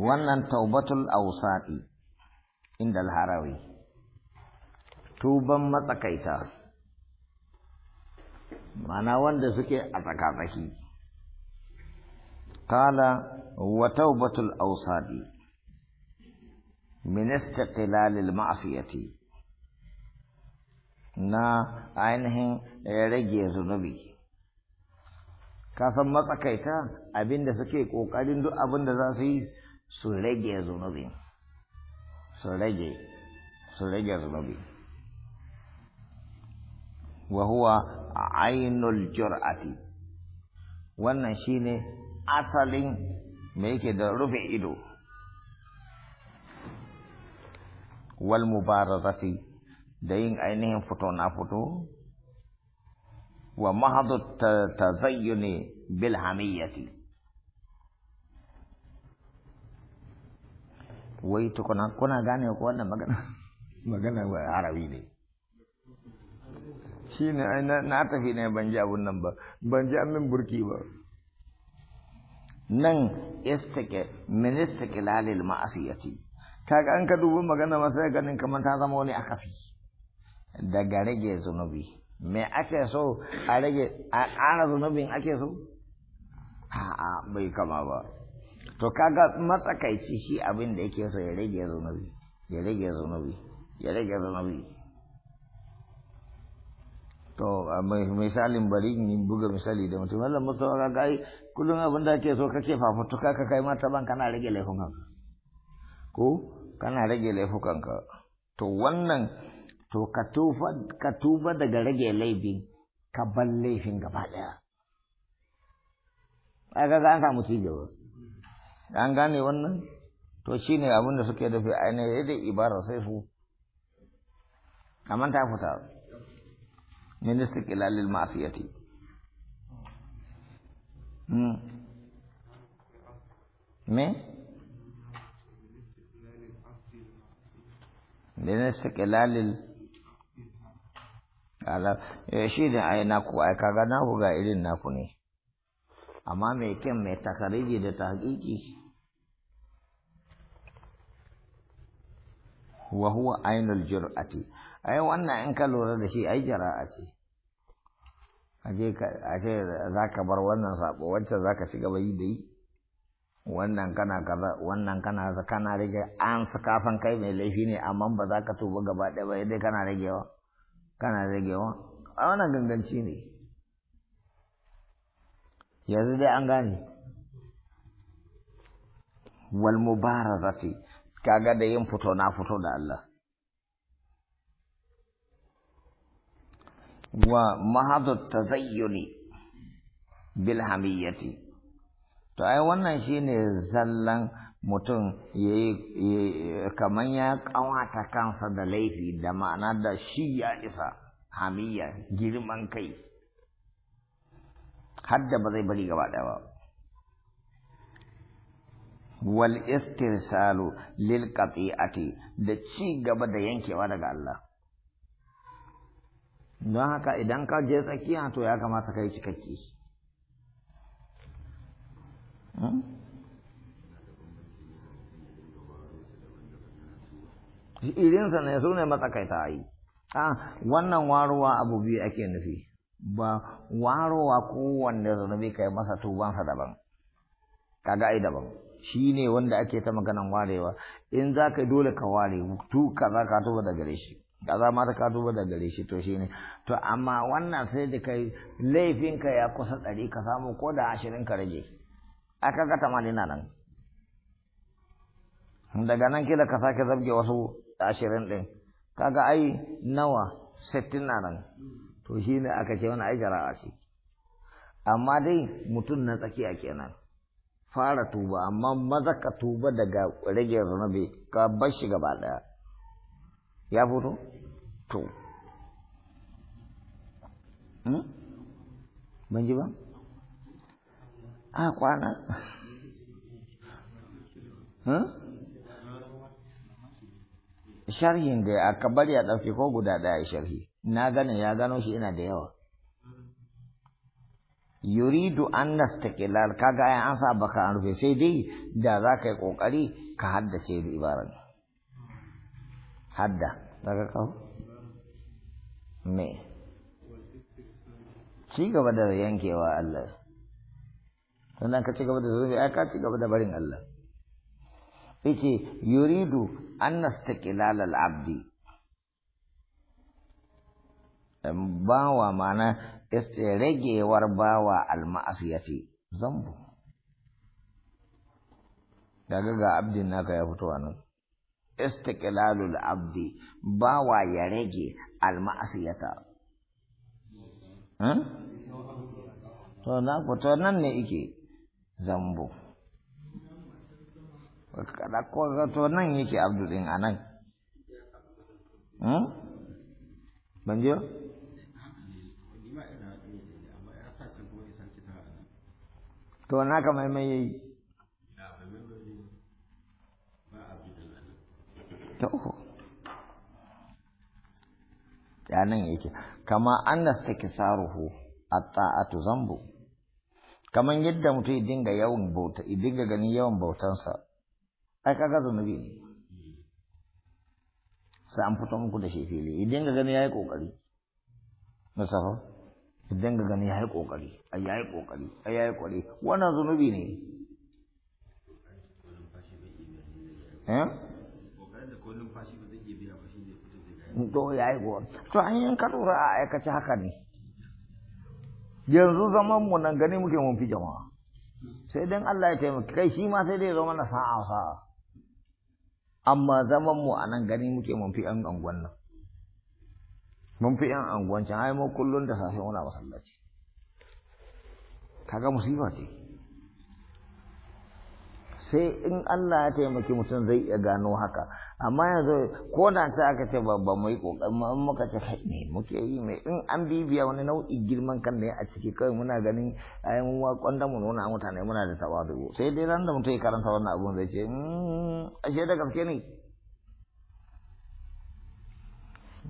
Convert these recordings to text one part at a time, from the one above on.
wannan taubatul awsati inda al-harawi tuban matsakaita mana wanda suke a tsakatsaki Kala wa taubatul awsati min al ma'siyati na ainihin rage zunubi kasan matsakaita abinda suke kokarin duk abinda za su yi su rage zunubi su rage su rage zunubi wa huwa ainul jur'ati wannan shine asalin me yake da rufe ido wal mubarazati da yin ainihin fito na fito wa mahadu tazayyuni bil hamiyati wai tukuna kuna gane ko wannan magana magana ba arabi ne shi ne na tafi ne ban ji abun nan ba ban ji amin burki ba nan istake minista kilalil ma'asiyati kaga an ka dubi magana masu ganin kamar ta zama wani akasi daga rage zunubi me ake so a rage a ƙara zunubin ake so a'a bai kama ba to kaga matsakaici shi abin da yake so ya rage zunubi ya rage zunubi ya rage zunubi to misalin bari ni buga misali da mutum Allah musawa ga kai kullum abin da ake so kake fafutuka ka kai mata ban kana rage laifukan ko kana rage laifukan ka to wannan to ka tufa ka tuba daga rage laifin ka ban laifin gaba daya ai ga an samu cigaba an gane wannan to shine abin da suke dafi ainihin da ibara sai su amma ta fita min ilalil masu yati hmm. me min istiqlalil ala eh, shi da aina ku aika ga naku ga irin naku ne amma mai kyan mai takariri da tahqiqi wa huwa ainul jur'ati ai wannan in ka lura da shi ai jara'a ce aje ka ashe zaka bar wannan sabo wacce zaka shiga bai da yi wannan kana kaza wannan kana kaza kana rage an saka san kai mai laifi ne amma ba za ka tuba gaba ɗaya ba dai kana ragewa kana ragewa a wannan ganganci ne yanzu dai an gane wal mubarazati kaga da yin fito na fito da Allah wa mahadu tazayyuni bil hamiyati to ai wannan shine zallan mutum yayi kaman ya kawata kansa da laifi da ma'ana da shi ya isa hamiyya girman kai da ba zai bari gaba ɗaya ba wal istirsalu lil qati'ati da ci gaba da yankewa daga Allah don haka idan ka je tsakiya to ya kamata kai cikakke hmm? irinsa ne su ne matsakaita a yi ah, wannan waruwa abu biyu ake nufi ba warowa kowanne zunubi kai masa tubansa daban kaga ai daban shi ne wanda ake ta maganan warewa in za ka dole ka ware tu kaza ka tuba da gare shi kaza ma ka tuba da gare shi to shi ne to amma wannan sai da kai laifinka ya kusa ɗari ka samu ko da ashirin ka rage aka ga tamanin na nan daga nan kila ka sake zabge wasu ashirin ɗin kaga ai nawa sittin na nan to shi ne aka ce wani ai a shi amma dai mutum na tsakiya kenan fara tuba amma maza ka tuba daga rage zunubi ka bar shi gaba daya ya fito to hmm? ban ji ba a kwana hmm? sharhin ga aka bari a ɗauki ko guda ɗaya sharhi na gane ya gano shi ina da yawa yuridu an nastaqilar kaga ai an sa baka an rufe sai dai da za ka yi kokari ka haddace da ibaran hadda daga kawo me ci gaba da yankewa Allah sannan ka ci gaba da zubi ai ka ci gaba da barin Allah yace yuridu an nastaqilal al-abdi bawa mana istiregewar bawa alma'asiyati zambu daga ga abdin naka ya fito nan istiqlalul abdi bawa ya rage alma'asiyata hmm? to na fito nan ne ike zambu to nan yake abdu din anan hmm? ban je to naka mai mai yayi to ya nan yake kama annas takisaruhu at-ta'atu zambu kaman yadda mutum ya dinga yawan bauta ya dinga gani yawan bautansa ai kaga zunubi ne sai an fito muku da shi fili ya dinga gani yayi kokari musafa idan ga gani yayi kokari ai yayi kokari ai yayi kokari wannan zunubi ne eh to yayi ko to an yi ka lura a aikace haka ne yanzu zaman mu nan gani muke mun fi jama'a sai dan Allah ya taimaka kai shi ma sai dai zama na sa'a sa'a amma zaman mu a nan gani muke mun fi an angon nan mun fi yan angwancin ai mu kullun da safe muna masallaci kaga musiba ce sai in Allah ya taimaki mutum zai iya gano haka amma yanzu ko da sai aka ce babba mai mu yi kokarin mu muka ce kai me muke yi me in an bibiya wani nau'i girman kan ne a ciki kai muna ganin ai mun wa kwanda mu nuna mutane muna da tawadu sai dai ran da mutum ya karanta wannan abun zai ce mm, ashe da gaske ne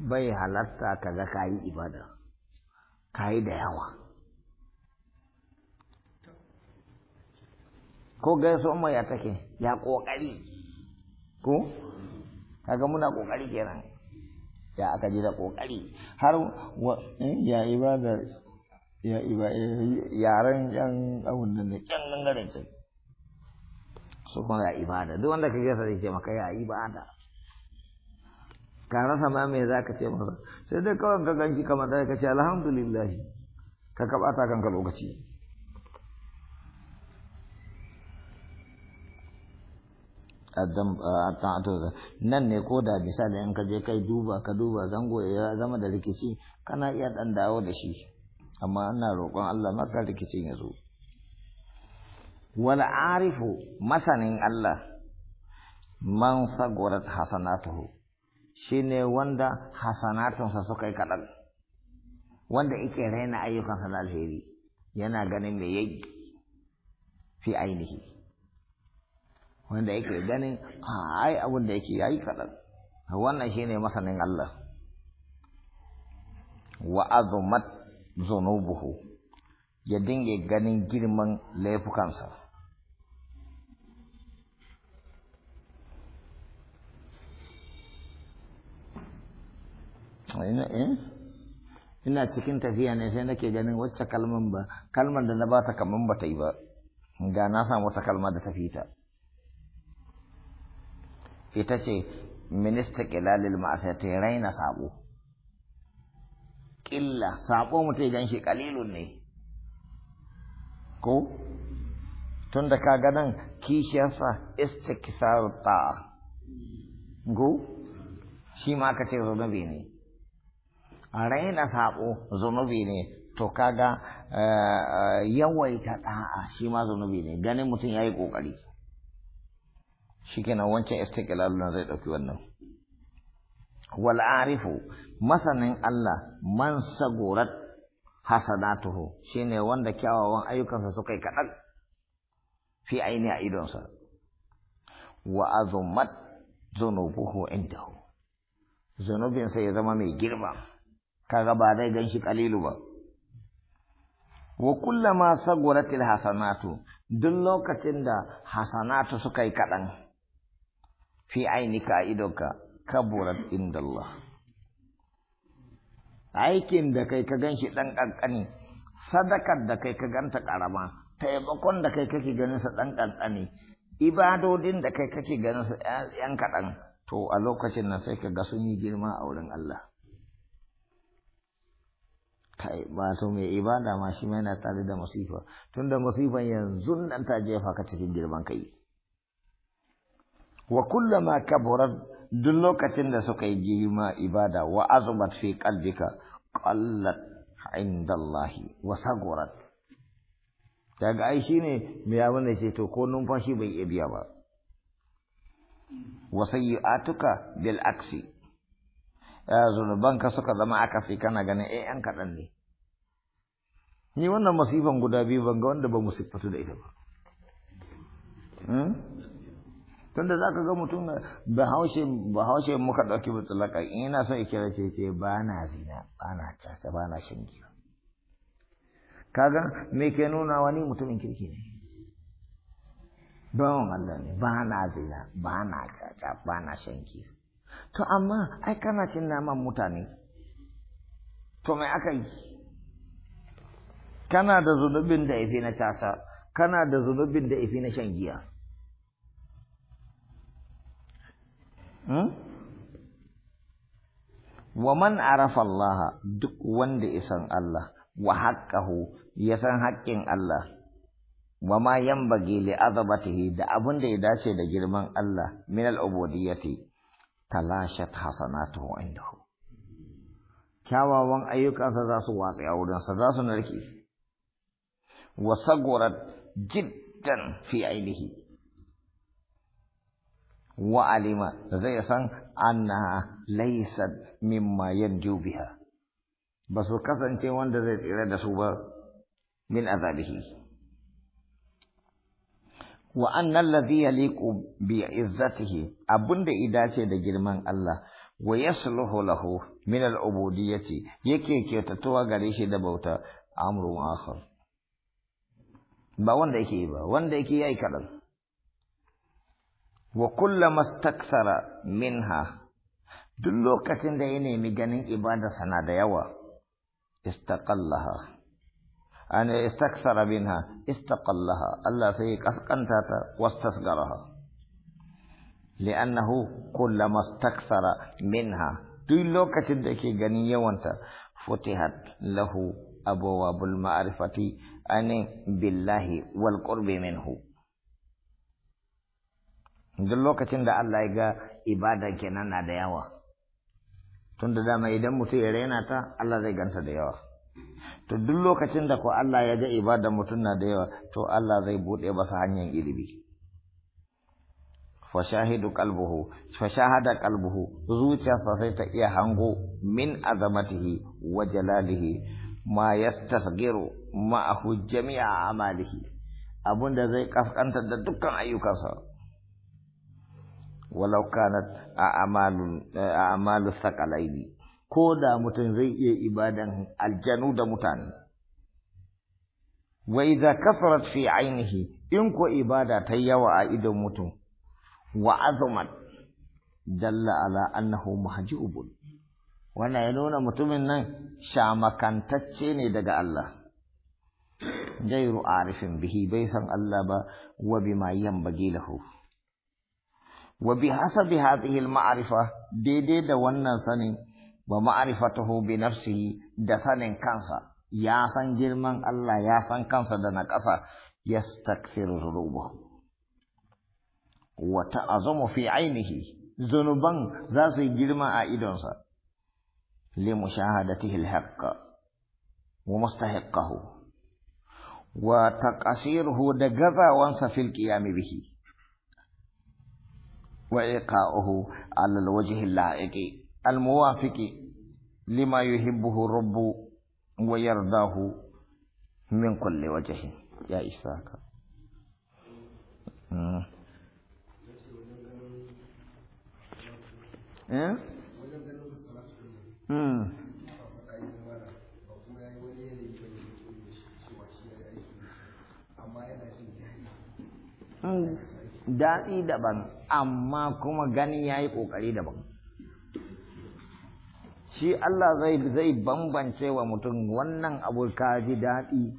bai halatta ka ga kayi ibada kayi da yawa ko gaiso mai ya take ya kokari ko kaga muna kokari kenan ya aka ji da kokari har eh, ya ibada ya ibada eh, yaran yan abun nan ne can nan garin can su kuma ya ibada duk wanda ka sa zai ce maka ya ibada ka rasa ma me za ka ce masa sai dai kawai ka ganshi kamar da ka ce alhamdulillah ka kabata kanka lokaci eh, nan ne ko da misali in ka je kai duba ka duba zango ya eh, zama da rikici kana iya dan dawo da shi amma ina roƙon Allah maka rikicin ya zo wal arifu masanin Allah man sagorat hasanatuhu shine wanda hasanatunsa suka yi kaɗan wanda yake raina ayyukansa na alheri yana ganin me yayi fi ainihi wanda yake ganin ai abin da yake yayi kaɗan wannan shine masanin Allah wa azumat zunubuhu ya dinge ganin girman laifukansa Eh? ina cikin tafiya ne sai nake ganin wacce kalman ba kalmar da na ba ta kaman ba ta yi ba ga na samu wata kalma da ta fita ita ce minista kilalil yi raina sabo ƙilla sabo mutum gan shi kalilun ne ko tun da ka ganin kishiyarsa istikisar ta, go shi ma aka ce zunubi ne a raina saɓo zunubi ne to kaga eh, yawaita ɗa'a shi ma zunubi ne ganin mutum ya yi ƙoƙari shi kenan wancan istiƙlalun zai ɗauki wannan wal'arifu masanin Allah man sagorat hasanatuhu shine wanda kyawawan ayyukansa suka yi kaɗan fi aini a idonsa wa azumat zunubuhu indahu zunubinsa ya zama mai girma kaga ba zai ganshi kalilu ba wa kullama saguratil hasanatu duk lokacin da hasanatu suka yi kaɗan fi ainika a idonka kaburat indallah aikin da kai ka ganshi ɗan ƙanƙani sadakar da kai ka ganta ƙarama taimakon da kai kake ganin sa ɗan ƙanƙani ibadodin da kai kake ganin sa ‘yan kaɗan to a lokacin nan sai ka ga sun yi girma a wurin Allah wato mai ibada ma shi yana tare da masifa tunda masifan yanzu nan ta jefa ka cikin girman kai wa kullama kaburat duk lokacin da suka yi girma ibada wa azumat fi qalbika qallat indallahi wa sagurat daga ai shine me abin da ce to ko numfashi bai iya biya ba wa sayyi'atuka bil aksi ka suka zama akasi kana ganin eh yan kaɗan ne ni wannan masifan guda biyu ban ga wanda ba mu siffatu da ita ba hmm? tunda za ka ga mutum bahaushe haushe muka ɗauki ba in ina son ikira ce ce ba na zina ba na caca ba na shan giya kaga me ke nuna wani mutumin kirki ne don Allah ne ba na zina ba na caca ba na shan to amma ai kana cin naman mutane to mai aka yi kana da zunubin da ifi na casa kana da zunubin da ifi na shan giya hmm? wa man arafa Allah duk wanda isan Allah wa haƙƙahu ya san haƙƙin Allah wa ma bagi li azabatihi da abin da ya dace da girman Allah min al-ubudiyyati talashat hasanatu indahu kyawawan ayyukansa za su watsi a wurinsa za su narke wa sagurat jiddan fi ainihi wa alima zai san anna laysat mimma yanju biha ba su kasance wanda zai tsira da su ba min azabihi wa annal ladhi yaliqu bi izzatihi abunda ce da girman Allah wa yasluhu lahu min al ubudiyyati yake tatuwa gare shi da bauta amru akhar ba wanda yake ba wanda yake yayi kadan wa kullama stakthara minha duk lokacin da ya nemi ganin ibada sana da yawa istaqallaha أن استكثر منها استقلها الله سيك أسقنتها واستسقرها لأنه كلما استكثر منها تلو تدكي غنية وانت فتحت له أبواب المعرفة أن بالله والقرب منه duk lokacin da Allah ya ga ibada kenan na da yawa tun da dama idan mutum ya raina ta Allah zai ganta da yawa to duk lokacin da ko Allah ya ga ibada mutum na da yawa to Allah zai buɗe masa hanyar ilimi fashahidu qalbuhu fashahada qalbuhu zuciyarsa sai ta iya hango min azamatihi wa jalalihi ma yastasghiru ma'ahu jami'a amalihi abunda zai kaskantar da dukkan ayyukansa walau kanat a'malu a'malu thaqalaini ko da mutum zai iya ibadan aljanu da mutane wa idza kasarat fi ainihi in ko ibada ta yawa a idon mutum wa azumat dalla ala annahu mahjubun wannan ya nuna mutumin nan shamakantacce ne daga Allah gairu arifin bihi bai san Allah ba wa bima yanbaghi lahu wa bi hasabi hadhihi al-ma'rifa daidai da wannan sanin wa ma'rifatuhu bi nafsihi da sanin kansa ya san girman Allah ya san kansa da na ƙasa yastaghfiru dhunubahu wa ta'azamu fi ainihi zunuban za su yi girma a idonsa li mushahadatihi al-haqq wa mustahiqqahu wa taqasiruhu da gazawansa fil qiyami bihi wa iqa'uhu ala al-wajhi al-la'iqi almuwafiqi lima yuhibbuhu rabbu wa yardahu min kulli wajhi ya isaka hmm. eh hmm. mm daɗi daban amma kuma ganin ya yi ƙoƙari daban shi Allah zai zai bambance wa mutum wannan abu ka ji daɗi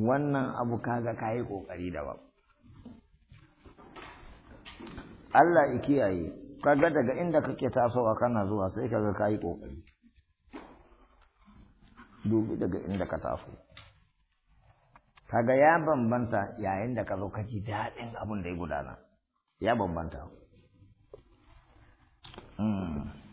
wannan abu ka ga ka yi ƙoƙari daban Allah ya kiyaye kaga daga inda kake tasowa kana zuwa sai kaga ka yi ƙoƙari dubi daga inda ka taso kaga ya bambanta yayin da ka zo ka ji daɗin abin da ya gudana ya bambanta hmm.